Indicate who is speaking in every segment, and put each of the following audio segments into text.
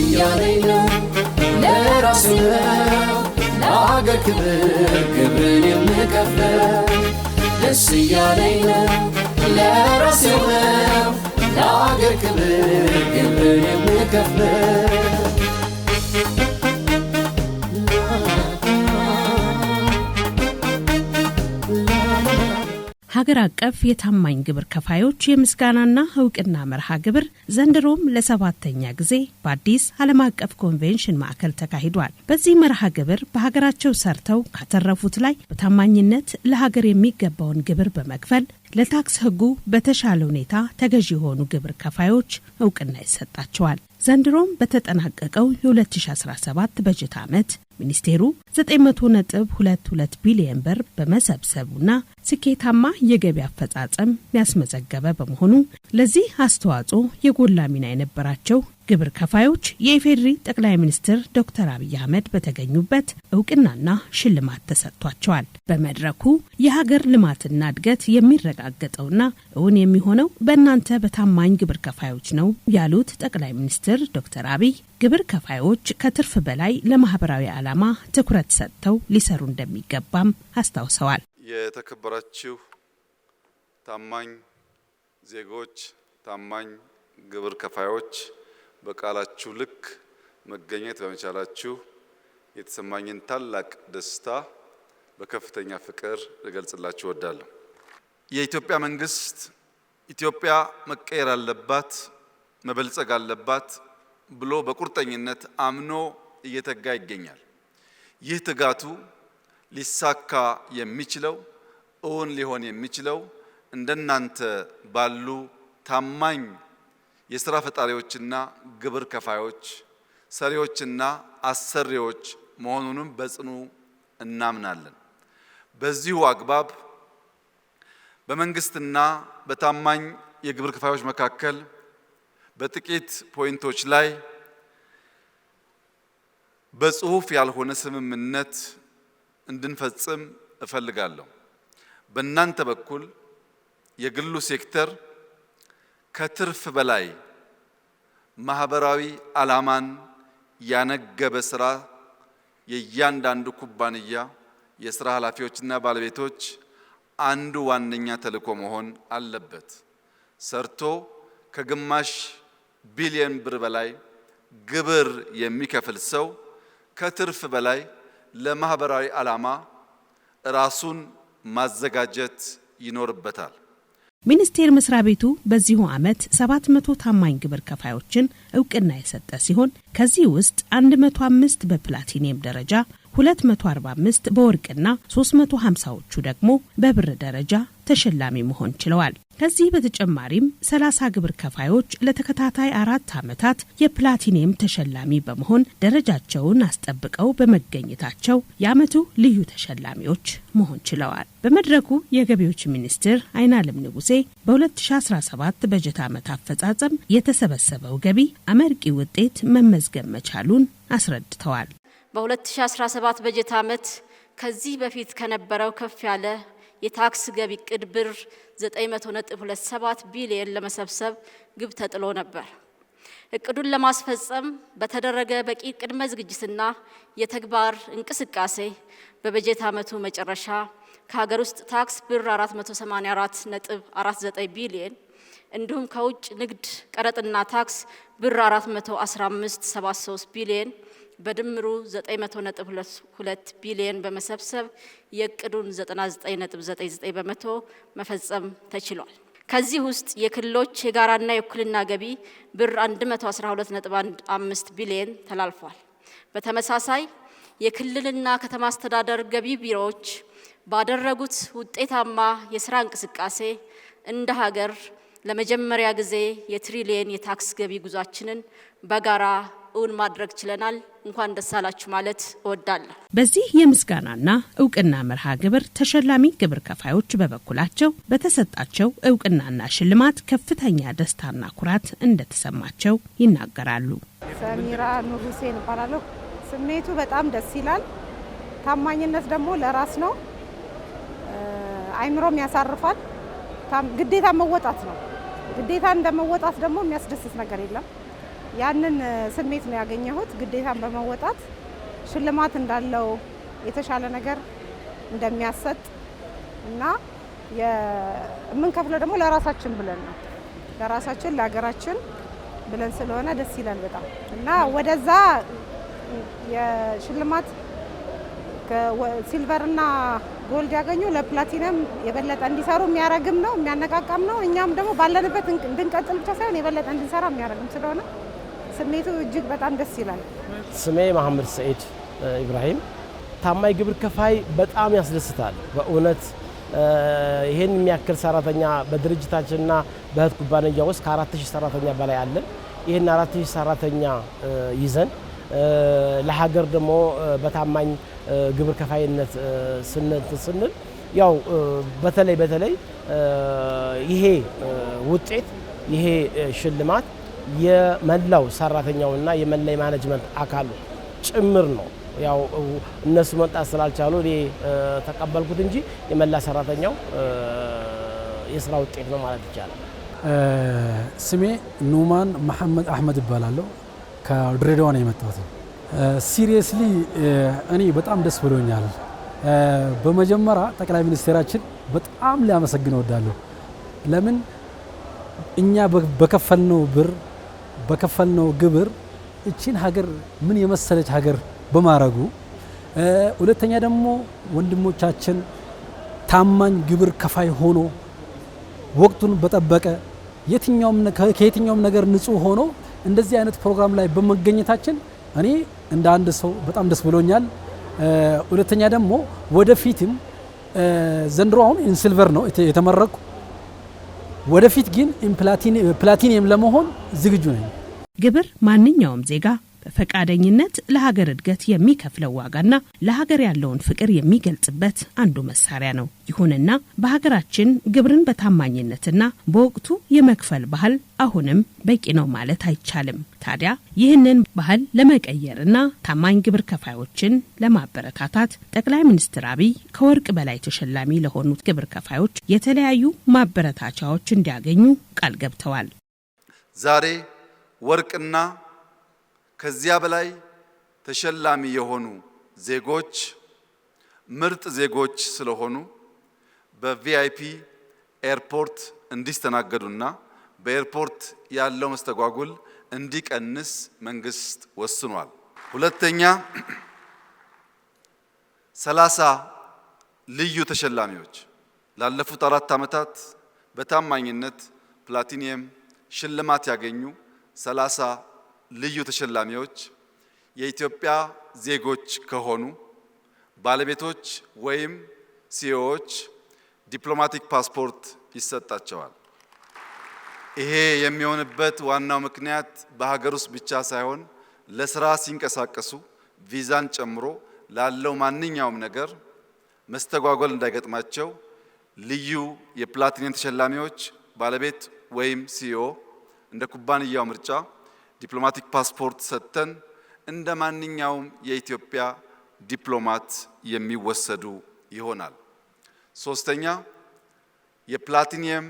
Speaker 1: እያለኝ ነው ለራሴ ነው ለአገር ክብር ክብርን የምከፍለው ደስ እያለኝ ነው ለራሴ ለአገር ክብር ክብርን የምከፍለው ሀገር አቀፍ የታማኝ ግብር ከፋዮች የምስጋናና እውቅና መርሃ ግብር ዘንድሮም ለሰባተኛ ጊዜ በአዲስ ዓለም አቀፍ ኮንቬንሽን ማዕከል ተካሂዷል። በዚህ መርሃ ግብር በሀገራቸው ሰርተው ካተረፉት ላይ በታማኝነት ለሀገር የሚገባውን ግብር በመክፈል ለታክስ ሕጉ በተሻለ ሁኔታ ተገዢ የሆኑ ግብር ከፋዮች እውቅና ይሰጣቸዋል። ዘንድሮም በተጠናቀቀው የ2017 በጀት ዓመት ሚኒስቴሩ 900.22 ቢሊየን ብር በመሰብሰቡና ስኬታማ የገቢ አፈጻጸም ያስመዘገበ በመሆኑ ለዚህ አስተዋጽኦ የጎላ ሚና የነበራቸው ግብር ከፋዮች የኢፌዴሪ ጠቅላይ ሚኒስትር ዶክተር አብይ አህመድ በተገኙበት እውቅናና ሽልማት ተሰጥቷቸዋል። በመድረኩ የሀገር ልማትና እድገት የሚረጋገጠውና እውን የሚሆነው በእናንተ በታማኝ ግብር ከፋዮች ነው ያሉት ጠቅላይ ሚኒስትር ዶክተር አብይ ግብር ከፋዮች ከትርፍ በላይ ለማህበራዊ ዓላማ ትኩረት ሰጥተው ሊሰሩ እንደሚገባም አስታውሰዋል።
Speaker 2: የተከበራችሁ ታማኝ ዜጎች፣ ታማኝ ግብር ከፋዮች በቃላችሁ ልክ መገኘት በመቻላችሁ የተሰማኝን ታላቅ ደስታ በከፍተኛ ፍቅር ልገልጽላችሁ እወዳለሁ። የኢትዮጵያ መንግስት ኢትዮጵያ መቀየር አለባት፣ መበልጸግ አለባት ብሎ በቁርጠኝነት አምኖ እየተጋ ይገኛል። ይህ ትጋቱ ሊሳካ የሚችለው እውን ሊሆን የሚችለው እንደናንተ ባሉ ታማኝ የስራ ፈጣሪዎችና ግብር ከፋዮች፣ ሰሪዎችና አሰሪዎች መሆኑንም በጽኑ እናምናለን። በዚሁ አግባብ በመንግስትና በታማኝ የግብር ከፋዮች መካከል በጥቂት ፖይንቶች ላይ በጽሁፍ ያልሆነ ስምምነት እንድንፈጽም እፈልጋለሁ። በእናንተ በኩል የግሉ ሴክተር ከትርፍ በላይ ማህበራዊ ዓላማን ያነገበ ስራ የእያንዳንዱ ኩባንያ የስራ ኃላፊዎችና ባለቤቶች አንዱ ዋነኛ ተልኮ መሆን አለበት። ሰርቶ ከግማሽ ቢሊዮን ብር በላይ ግብር የሚከፍል ሰው ከትርፍ በላይ ለማህበራዊ ዓላማ ራሱን ማዘጋጀት ይኖርበታል።
Speaker 1: ሚኒስቴር መስሪያ ቤቱ በዚሁ ዓመት 700 ታማኝ ግብር ከፋዮችን እውቅና የሰጠ ሲሆን ከዚህ ውስጥ 105 በፕላቲኒየም ደረጃ 245 በወርቅና 350ዎቹ ደግሞ በብር ደረጃ ተሸላሚ መሆን ችለዋል። ከዚህ በተጨማሪም 30 ግብር ከፋዮች ለተከታታይ አራት ዓመታት የፕላቲኒየም ተሸላሚ በመሆን ደረጃቸውን አስጠብቀው በመገኘታቸው የዓመቱ ልዩ ተሸላሚዎች መሆን ችለዋል። በመድረኩ የገቢዎች ሚኒስትር አይናለም ንጉሴ በ2017 በጀት ዓመት አፈጻጸም የተሰበሰበው ገቢ አመርቂ ውጤት መመዝገብ መቻሉን አስረድተዋል።
Speaker 3: በ2017 በጀት ዓመት ከዚህ በፊት ከነበረው ከፍ ያለ የታክስ ገቢ እቅድ ብር 900.27 ቢሊየን ለመሰብሰብ ግብ ተጥሎ ነበር። እቅዱን ለማስፈጸም በተደረገ በቂ ቅድመ ዝግጅትና የተግባር እንቅስቃሴ በበጀት ዓመቱ መጨረሻ ከሀገር ውስጥ ታክስ ብር 484.49 ቢሊየን እንዲሁም ከውጭ ንግድ ቀረጥና ታክስ ብር 415.73 ቢሊየን በድምሩ 9.22 ቢሊዮን በመሰብሰብ የእቅዱን 99.99 በመቶ መፈጸም ተችሏል። ከዚህ ውስጥ የክልሎች የጋራና የእኩልና ገቢ ብር 112.15 ቢሊዮን ተላልፏል። በተመሳሳይ የክልልና ከተማ አስተዳደር ገቢ ቢሮዎች ባደረጉት ውጤታማ የስራ እንቅስቃሴ እንደ ሀገር ለመጀመሪያ ጊዜ የትሪሊየን የታክስ ገቢ ጉዟችንን በጋራ እውን ማድረግ ችለናል። እንኳን ደስ አላችሁ ማለት እወዳለሁ።
Speaker 1: በዚህ የምስጋናና እውቅና መርሃ ግብር ተሸላሚ ግብር ከፋዮች በበኩላቸው በተሰጣቸው እውቅናና ሽልማት ከፍተኛ ደስታና ኩራት እንደተሰማቸው ይናገራሉ።
Speaker 4: ሰሚራ ኑር ሁሴን እባላለሁ። ስሜቱ በጣም ደስ ይላል። ታማኝነት ደግሞ ለራስ ነው፣ አይምሮም ያሳርፋል። ግዴታ መወጣት ነው። ግዴታ እንደመወጣት ደግሞ የሚያስደስት ነገር የለም። ያንን ስሜት ነው ያገኘሁት። ግዴታን በመወጣት ሽልማት እንዳለው የተሻለ ነገር እንደሚያሰጥ እና የምንከፍለው ደግሞ ለራሳችን ብለን ነው ለራሳችን ለሀገራችን ብለን ስለሆነ ደስ ይላል በጣም እና ወደዛ የሽልማት ሲልቨርና ጎልድ ያገኙ ለፕላቲነም የበለጠ እንዲሰሩ የሚያረግም ነው የሚያነቃቃም ነው። እኛም ደግሞ ባለንበት እንድንቀጥል ብቻ ሳይሆን የበለጠ እንድንሰራ የሚያረግም ስለሆነ ስሜቱ እጅግ በጣም ደስ ይላል።
Speaker 5: ስሜ መሐመድ ሰኢድ ኢብራሂም። ታማኝ ግብር ከፋይ በጣም ያስደስታል በእውነት ይህን የሚያክል ሰራተኛ በድርጅታችንና በእህት ኩባንያ ውስጥ ከአራት ሺህ ሰራተኛ በላይ አለን። ይህን አራት ሺህ ሰራተኛ ይዘን ለሀገር ደግሞ በታማኝ ግብር ከፋይነት ስንል ያው በተለይ በተለይ ይሄ ውጤት ይሄ ሽልማት የመላው ሰራተኛውና የመላ ማኔጅመንት አካሉ ጭምር ነው። ያው እነሱ መምጣት ስላልቻሉ እኔ ተቀበልኩት እንጂ የመላ ሰራተኛው የስራ ውጤት ነው ማለት ይቻላል።
Speaker 6: ስሜ ኑማን መሐመድ አህመድ እባላለሁ። ከድሬዳዋ ነው የመጣሁት። ሲሪየስሊ እኔ በጣም ደስ ብሎኛል። በመጀመሪያ ጠቅላይ ሚኒስቴራችን በጣም ሊያመሰግን እወዳለሁ። ለምን እኛ በከፈልነው ብር በከፈልነው ግብር እቺን ሀገር ምን የመሰለች ሀገር በማረጉ? ሁለተኛ ደግሞ ወንድሞቻችን ታማኝ ግብር ከፋይ ሆኖ ወቅቱን በጠበቀ ከየትኛውም ነገር ንጹህ ሆኖ እንደዚህ አይነት ፕሮግራም ላይ በመገኘታችን እኔ እንደ አንድ ሰው በጣም ደስ ብሎኛል። ሁለተኛ ደግሞ ወደፊትም ዘንድሮ አሁን ኢንሲልቨር ነው የተመረኩ ወደፊት ግን ፕላቲኒየም ለመሆን ዝግጁ ነኝ።
Speaker 1: ግብር ማንኛውም ዜጋ በፈቃደኝነት ለሀገር እድገት የሚከፍለው ዋጋና ለሀገር ያለውን ፍቅር የሚገልጽበት አንዱ መሳሪያ ነው። ይሁንና በሀገራችን ግብርን በታማኝነትና በወቅቱ የመክፈል ባህል አሁንም በቂ ነው ማለት አይቻልም። ታዲያ ይህንን ባህል ለመቀየርና ታማኝ ግብር ከፋዮችን ለማበረታታት ጠቅላይ ሚኒስትር አብይ ከወርቅ በላይ ተሸላሚ ለሆኑት ግብር ከፋዮች የተለያዩ ማበረታቻዎች እንዲያገኙ ቃል ገብተዋል።
Speaker 2: ዛሬ ወርቅና ከዚያ በላይ ተሸላሚ የሆኑ ዜጎች ምርጥ ዜጎች ስለሆኑ በቪአይፒ ኤርፖርት እንዲስተናገዱና በኤርፖርት ያለው መስተጓጉል እንዲቀንስ መንግስት ወስኗል። ሁለተኛ ሰላሳ ልዩ ተሸላሚዎች ላለፉት አራት ዓመታት በታማኝነት ፕላቲኒየም ሽልማት ያገኙ ሰላሳ ልዩ ተሸላሚዎች የኢትዮጵያ ዜጎች ከሆኑ ባለቤቶች ወይም ሲዮዎች ዲፕሎማቲክ ፓስፖርት ይሰጣቸዋል። ይሄ የሚሆንበት ዋናው ምክንያት በሀገር ውስጥ ብቻ ሳይሆን ለስራ ሲንቀሳቀሱ ቪዛን ጨምሮ ላለው ማንኛውም ነገር መስተጓጎል እንዳይገጥማቸው ልዩ የፕላቲኒየም ተሸላሚዎች ባለቤት ወይም ሲዮ እንደ ኩባንያው ምርጫ ዲፕሎማቲክ ፓስፖርት ሰጥተን እንደ ማንኛውም የኢትዮጵያ ዲፕሎማት የሚወሰዱ ይሆናል። ሶስተኛ የፕላቲኒየም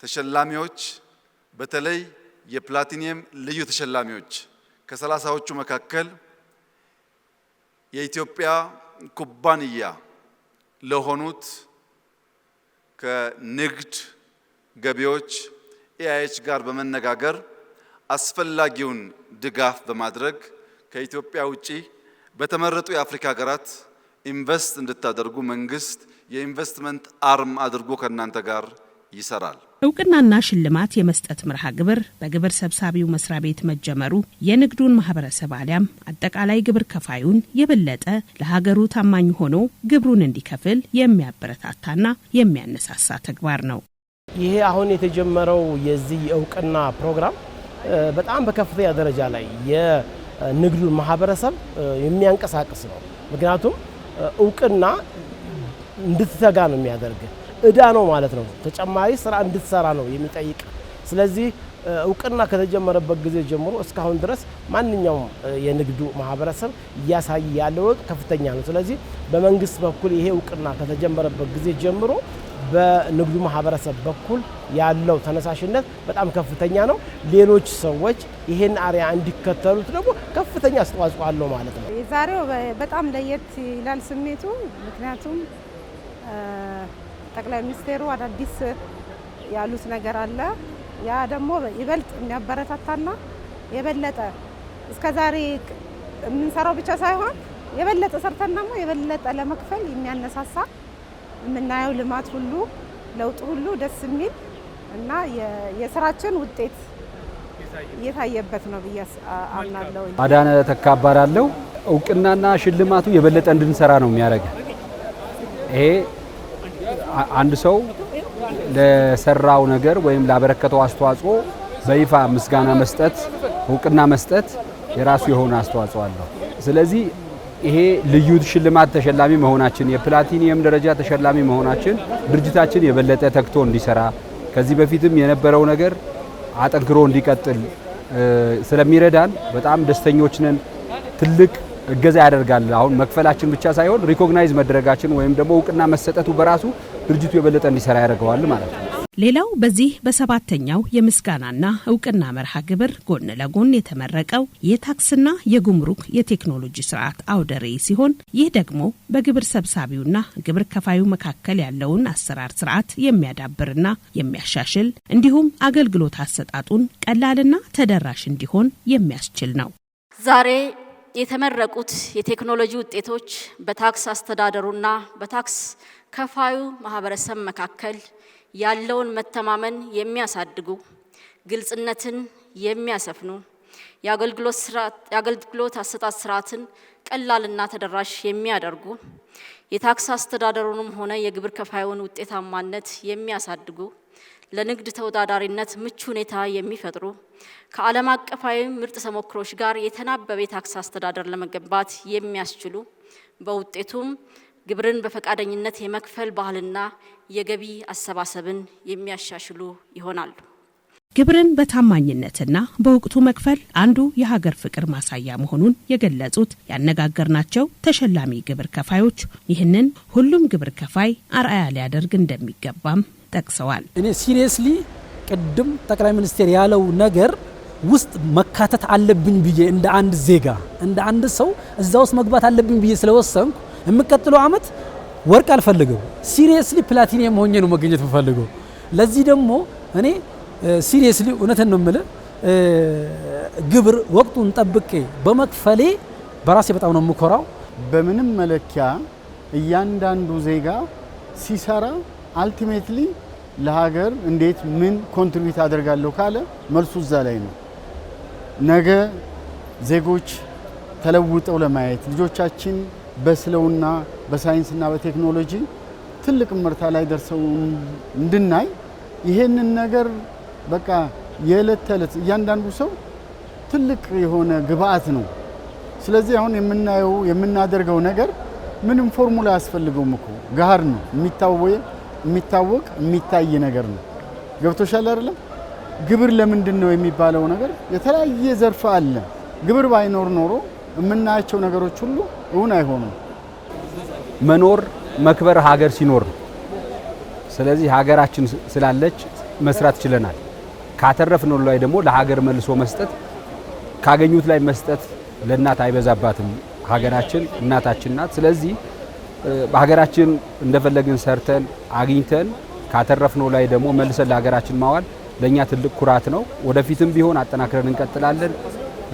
Speaker 2: ተሸላሚዎች በተለይ የፕላቲኒየም ልዩ ተሸላሚዎች ከሰላሳዎቹ መካከል የኢትዮጵያ ኩባንያ ለሆኑት ከንግድ ገቢዎች ኤአይች ጋር በመነጋገር አስፈላጊውን ድጋፍ በማድረግ ከኢትዮጵያ ውጪ በተመረጡ የአፍሪካ ሀገራት ኢንቨስት እንድታደርጉ መንግስት የኢንቨስትመንት አርም አድርጎ ከእናንተ ጋር ይሰራል።
Speaker 1: እውቅናና ሽልማት የመስጠት መርሃ ግብር በግብር ሰብሳቢው መስሪያ ቤት መጀመሩ የንግዱን ማህበረሰብ አሊያም አጠቃላይ ግብር ከፋዩን የበለጠ ለሀገሩ ታማኝ ሆኖ ግብሩን እንዲከፍል የሚያበረታታና የሚያነሳሳ ተግባር ነው።
Speaker 7: ይሄ አሁን የተጀመረው የዚህ የእውቅና ፕሮግራም በጣም በከፍተኛ ደረጃ ላይ የንግዱን ማህበረሰብ የሚያንቀሳቅስ ነው። ምክንያቱም እውቅና እንድትተጋ ነው የሚያደርግ እዳ ነው ማለት ነው። ተጨማሪ ስራ እንድትሰራ ነው የሚጠይቅ። ስለዚህ እውቅና ከተጀመረበት ጊዜ ጀምሮ እስካሁን ድረስ ማንኛውም የንግዱ ማህበረሰብ እያሳየ ያለው ከፍተኛ ነው። ስለዚህ በመንግስት በኩል ይሄ እውቅና ከተጀመረበት ጊዜ ጀምሮ በንግዱ ማህበረሰብ በኩል ያለው ተነሳሽነት በጣም ከፍተኛ ነው። ሌሎች ሰዎች ይህን አሪያ እንዲከተሉት ደግሞ ከፍተኛ አስተዋጽኦ አለው ማለት ነው።
Speaker 4: የዛሬው በጣም ለየት ይላል ስሜቱ። ምክንያቱም ጠቅላይ ሚኒስቴሩ አዳዲስ ያሉት ነገር አለ። ያ ደግሞ ይበልጥ የሚያበረታታና የበለጠ እስከ ዛሬ የምንሰራው ብቻ ሳይሆን የበለጠ ሰርተን ደግሞ የበለጠ ለመክፈል የሚያነሳሳ የምናየው ልማት ሁሉ ለውጥ ሁሉ ደስ የሚል እና የስራችን ውጤት እየታየበት ነው ብዬ አምናለሁ።
Speaker 6: አዳነ ተካ እባላለሁ። እውቅናና ሽልማቱ የበለጠ እንድንሰራ ነው የሚያደርገ ይሄ አንድ ሰው ለሰራው ነገር ወይም ላበረከተው አስተዋጽኦ በይፋ ምስጋና መስጠት፣ እውቅና መስጠት የራሱ የሆነ አስተዋጽኦ አለው። ስለዚህ ይሄ ልዩ ሽልማት ተሸላሚ መሆናችን የፕላቲኒየም ደረጃ ተሸላሚ መሆናችን ድርጅታችን የበለጠ ተግቶ እንዲሰራ ከዚህ በፊትም የነበረው ነገር አጠንክሮ እንዲቀጥል ስለሚረዳን በጣም ደስተኞች ነን። ትልቅ እገዛ ያደርጋል። አሁን መክፈላችን ብቻ ሳይሆን ሪኮግናይዝ መደረጋችን ወይም ደግሞ እውቅና መሰጠቱ በራሱ ድርጅቱ የበለጠ እንዲሰራ ያደርገዋል ማለት ነው።
Speaker 1: ሌላው በዚህ በሰባተኛው የምስጋናና እውቅና መርሃ ግብር ጎን ለጎን የተመረቀው የታክስና የጉምሩክ የቴክኖሎጂ ስርዓት አውደ ርዕይ ሲሆን ይህ ደግሞ በግብር ሰብሳቢውና ግብር ከፋዩ መካከል ያለውን አሰራር ስርዓት የሚያዳብርና የሚያሻሽል እንዲሁም አገልግሎት አሰጣጡን ቀላልና ተደራሽ እንዲሆን የሚያስችል ነው።
Speaker 3: ዛሬ የተመረቁት የቴክኖሎጂ ውጤቶች በታክስ አስተዳደሩና በታክስ ከፋዩ ማህበረሰብ መካከል ያለውን መተማመን የሚያሳድጉ፣ ግልጽነትን የሚያሰፍኑ፣ የአገልግሎት አሰጣጥ ስርዓትን ቀላልና ተደራሽ የሚያደርጉ፣ የታክስ አስተዳደሩንም ሆነ የግብር ከፋዩን ውጤታማነት የሚያሳድጉ፣ ለንግድ ተወዳዳሪነት ምቹ ሁኔታ የሚፈጥሩ፣ ከዓለም አቀፋዊ ምርጥ ተሞክሮች ጋር የተናበበ የታክስ አስተዳደር ለመገንባት የሚያስችሉ በውጤቱም ግብርን በፈቃደኝነት የመክፈል ባህልና የገቢ አሰባሰብን የሚያሻሽሉ ይሆናሉ።
Speaker 1: ግብርን በታማኝነትና በወቅቱ መክፈል አንዱ የሀገር ፍቅር ማሳያ መሆኑን የገለጹት ያነጋገርናቸው ተሸላሚ ግብር ከፋዮች ይህንን ሁሉም ግብር ከፋይ አርአያ ሊያደርግ እንደሚገባም ጠቅሰዋል።
Speaker 6: እኔ ሲሪየስሊ ቅድም ጠቅላይ ሚኒስቴር ያለው ነገር ውስጥ መካተት አለብኝ ብዬ እንደ አንድ ዜጋ እንደ አንድ ሰው እዛ ውስጥ መግባት አለብኝ ብዬ ስለወሰንኩ የምቀጥለው አመት ወርቅ አልፈልገው፣ ሲሪየስሊ ፕላቲኒየም ሆኜ ነው መገኘት የምፈልገው። ለዚህ ደግሞ እኔ ሲሪየስሊ እውነትን ነው የምልህ ግብር ወቅቱን ጠብቄ በመክፈሌ በራሴ በጣም ነው የምኮራው። በምንም መለኪያ እያንዳንዱ ዜጋ ሲሰራ አልቲሜትሊ ለሀገር እንዴት ምን ኮንትሪቢዩት አደርጋለሁ ካለ መልሱ እዛ ላይ ነው። ነገ ዜጎች ተለውጠው ለማየት ልጆቻችን በስለውና በሳይንስና በቴክኖሎጂ ትልቅ ምርታ ላይ ደርሰው እንድናይ ይሄንን ነገር በቃ የዕለት ተዕለት እያንዳንዱ ሰው ትልቅ የሆነ ግብአት ነው። ስለዚህ አሁን የምናየው የምናደርገው ነገር ምንም ፎርሙላ ያስፈልገውም እኮ ጋር ነው የሚታወቅ የሚታይ ነገር ነው። ገብቶሻል አይደለም? ግብር ለምንድን ነው የሚባለው ነገር የተለያየ ዘርፍ አለ። ግብር ባይኖር ኖሮ የምናያቸው ነገሮች ሁሉ እውን አይሆኑም።
Speaker 7: መኖር መክበር ሀገር ሲኖር ነው። ስለዚህ ሀገራችን ስላለች መስራት ችለናል። ካተረፍነው ላይ ደግሞ ለሀገር መልሶ መስጠት፣ ካገኙት ላይ መስጠት ለእናት አይበዛባትም። ሀገራችን እናታችን ናት። ስለዚህ በሀገራችን እንደፈለግን ሰርተን አግኝተን ካተረፍነው ላይ ደግሞ መልሰን ለሀገራችን ማዋል ለእኛ ትልቅ ኩራት ነው። ወደፊትም ቢሆን አጠናክረን እንቀጥላለን።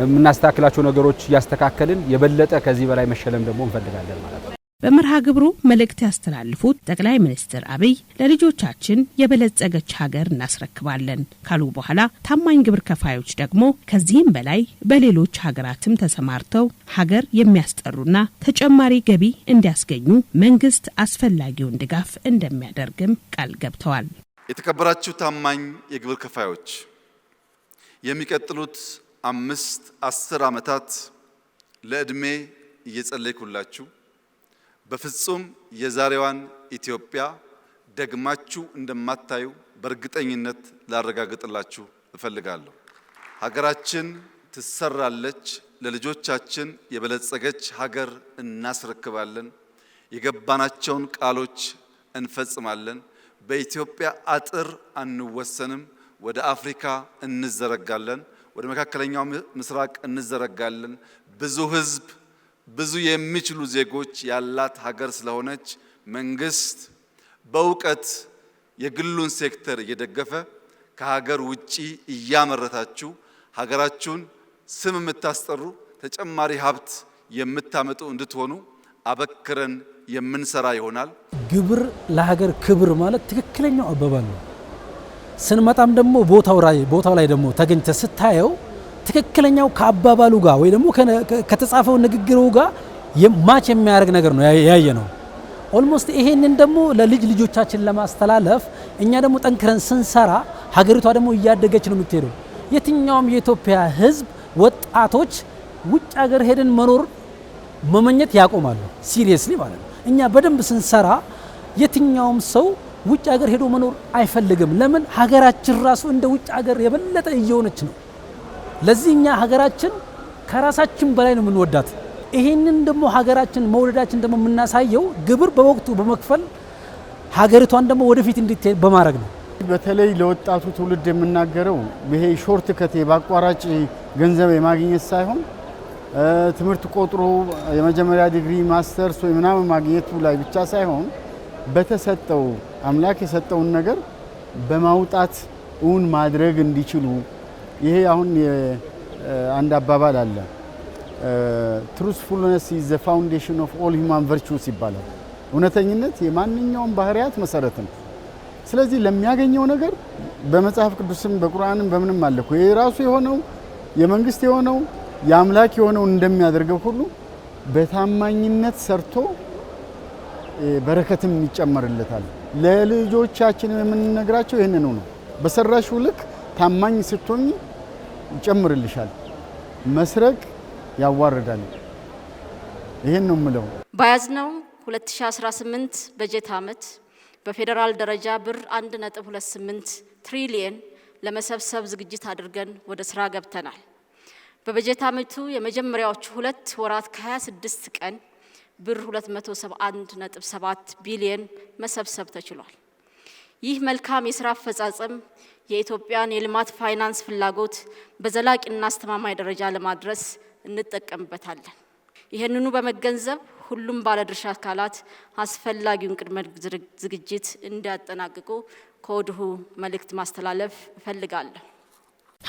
Speaker 7: የምናስተካክላቸው ነገሮች እያስተካከልን የበለጠ ከዚህ በላይ መሸለም ደግሞ እንፈልጋለን ማለት ነው።
Speaker 1: በመርሃ ግብሩ መልእክት ያስተላልፉት ጠቅላይ ሚኒስትር አብይ ለልጆቻችን የበለጸገች ሀገር እናስረክባለን ካሉ በኋላ ታማኝ ግብር ከፋዮች ደግሞ ከዚህም በላይ በሌሎች ሀገራትም ተሰማርተው ሀገር የሚያስጠሩና ተጨማሪ ገቢ እንዲያስገኙ መንግስት አስፈላጊውን ድጋፍ እንደሚያደርግም ቃል ገብተዋል።
Speaker 2: የተከበራችሁ ታማኝ የግብር ከፋዮች የሚቀጥሉት አምስት አስር ዓመታት ለዕድሜ እየጸለይኩላችሁ በፍጹም የዛሬዋን ኢትዮጵያ ደግማችሁ እንደማታዩ በእርግጠኝነት ላረጋግጥላችሁ እፈልጋለሁ። ሀገራችን ትሰራለች። ለልጆቻችን የበለጸገች ሀገር እናስረክባለን። የገባናቸውን ቃሎች እንፈጽማለን። በኢትዮጵያ አጥር አንወሰንም። ወደ አፍሪካ እንዘረጋለን። ወደ መካከለኛው ምስራቅ እንዘረጋለን። ብዙ ህዝብ፣ ብዙ የሚችሉ ዜጎች ያላት ሀገር ስለሆነች መንግስት በእውቀት የግሉን ሴክተር እየደገፈ ከሀገር ውጪ እያመረታችሁ ሀገራችሁን ስም የምታስጠሩ ተጨማሪ ሀብት የምታመጡ እንድትሆኑ አበክረን የምንሰራ ይሆናል።
Speaker 6: ግብር ለሀገር ክብር ማለት ትክክለኛው አባባል ነው። ስንመጣም ደግሞ ቦታው ላይ ቦታው ላይ ደግሞ ተገኝተ ስታየው ትክክለኛው ከአባባሉ ጋር ወይ ደግሞ ከተጻፈው ንግግሩ ጋር ማች የሚያደርግ ነገር ነው ያየ ነው። ኦልሞስት ይሄንን ደግሞ ለልጅ ልጆቻችን ለማስተላለፍ እኛ ደግሞ ጠንክረን ስንሰራ ሀገሪቷ ደግሞ እያደገች ነው የምትሄደው። የትኛውም የኢትዮጵያ ሕዝብ ወጣቶች ውጭ ሀገር ሄደን መኖር መመኘት ያቆማሉ። ሲሪየስሊ ማለት ነው። እኛ በደንብ ስንሰራ የትኛውም ሰው ውጭ ሀገር ሄዶ መኖር አይፈልግም። ለምን? ሀገራችን ራሱ እንደ ውጭ ሀገር የበለጠ እየሆነች ነው። ለዚህ እኛ ሀገራችን ከራሳችን በላይ ነው የምንወዳት። ይህንን ደግሞ ሀገራችን መውደዳችን ደግሞ የምናሳየው ግብር በወቅቱ በመክፈል ሀገሪቷን ደግሞ ወደፊት እንድትሄድ በማድረግ ነው። በተለይ ለወጣቱ ትውልድ የምናገረው ይሄ ሾርት ከቴ በአቋራጭ ገንዘብ የማግኘት ሳይሆን ትምህርት ቆጥሮ የመጀመሪያ ዲግሪ ማስተርስ ወይ ምናምን ማግኘቱ ላይ ብቻ ሳይሆን በተሰጠው አምላክ የሰጠውን ነገር በማውጣት እውን ማድረግ እንዲችሉ ይሄ አሁን አንድ አባባል አለ። ትሩስፉልነስ ኢዝ ዘ ፋውንዴሽን ኦፍ ኦል ሂውማን ቨርቹስ ይባላል። እውነተኝነት የማንኛውም ባህሪያት መሰረት ነው። ስለዚህ ለሚያገኘው ነገር በመጽሐፍ ቅዱስም በቁርአንም በምንም አለ እኮ የራሱ የሆነው የመንግስት የሆነው የአምላክ የሆነው እንደሚያደርገው ሁሉ በታማኝነት ሰርቶ በረከትም ይጨመርለታል። ለልጆቻችን የምንነግራቸው ይህንኑ ነው። በሰራሽው ልክ ታማኝ ስትሆኝ ይጨምርልሻል። መስረቅ ያዋርዳል። ይህን ነው የምለው።
Speaker 3: በያዝነው 2018 በጀት ዓመት በፌዴራል ደረጃ ብር 1.28 ትሪሊየን ለመሰብሰብ ዝግጅት አድርገን ወደ ስራ ገብተናል። በበጀት ዓመቱ የመጀመሪያዎቹ ሁለት ወራት ከ26 ቀን ብር 271.7 ቢሊዮን መሰብሰብ ተችሏል። ይህ መልካም የስራ አፈጻጸም የኢትዮጵያን የልማት ፋይናንስ ፍላጎት በዘላቂና አስተማማኝ ደረጃ ለማድረስ እንጠቀምበታለን። ይህንኑ በመገንዘብ ሁሉም ባለድርሻ አካላት አስፈላጊውን ቅድመ ዝግጅት እንዲያጠናቅቁ ከወድሁ መልእክት ማስተላለፍ እፈልጋለሁ።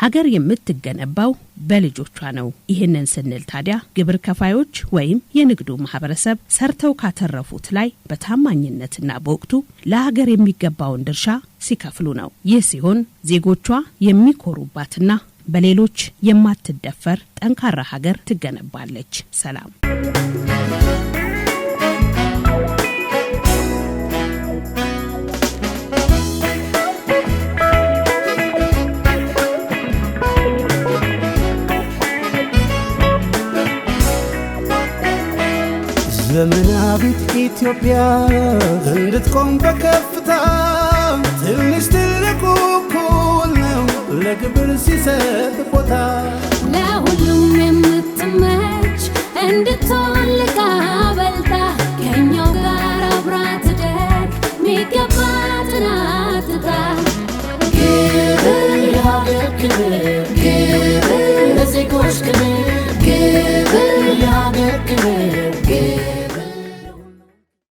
Speaker 1: ሀገር የምትገነባው በልጆቿ ነው። ይህንን ስንል ታዲያ ግብር ከፋዮች ወይም የንግዱ ማህበረሰብ ሰርተው ካተረፉት ላይ በታማኝነትና በወቅቱ ለሀገር የሚገባውን ድርሻ ሲከፍሉ ነው። ይህ ሲሆን ዜጎቿ የሚኮሩባትና በሌሎች የማትደፈር ጠንካራ ሀገር ትገነባለች። ሰላም ዘመናዊት ኢትዮጵያ እንድትቆም በከፍታ ትንሽ ትልቁ እኩል ነው ለግብር ሲሰጥ ቦታ ለሁሉም የምትመች እንድትሆን ልቃበልታ ከኛው ጋር አብራ ትደግ ሚገባትን አትጣ ግብር ለዜጎች ክብር ግብር ለሀገር ክብር ግብር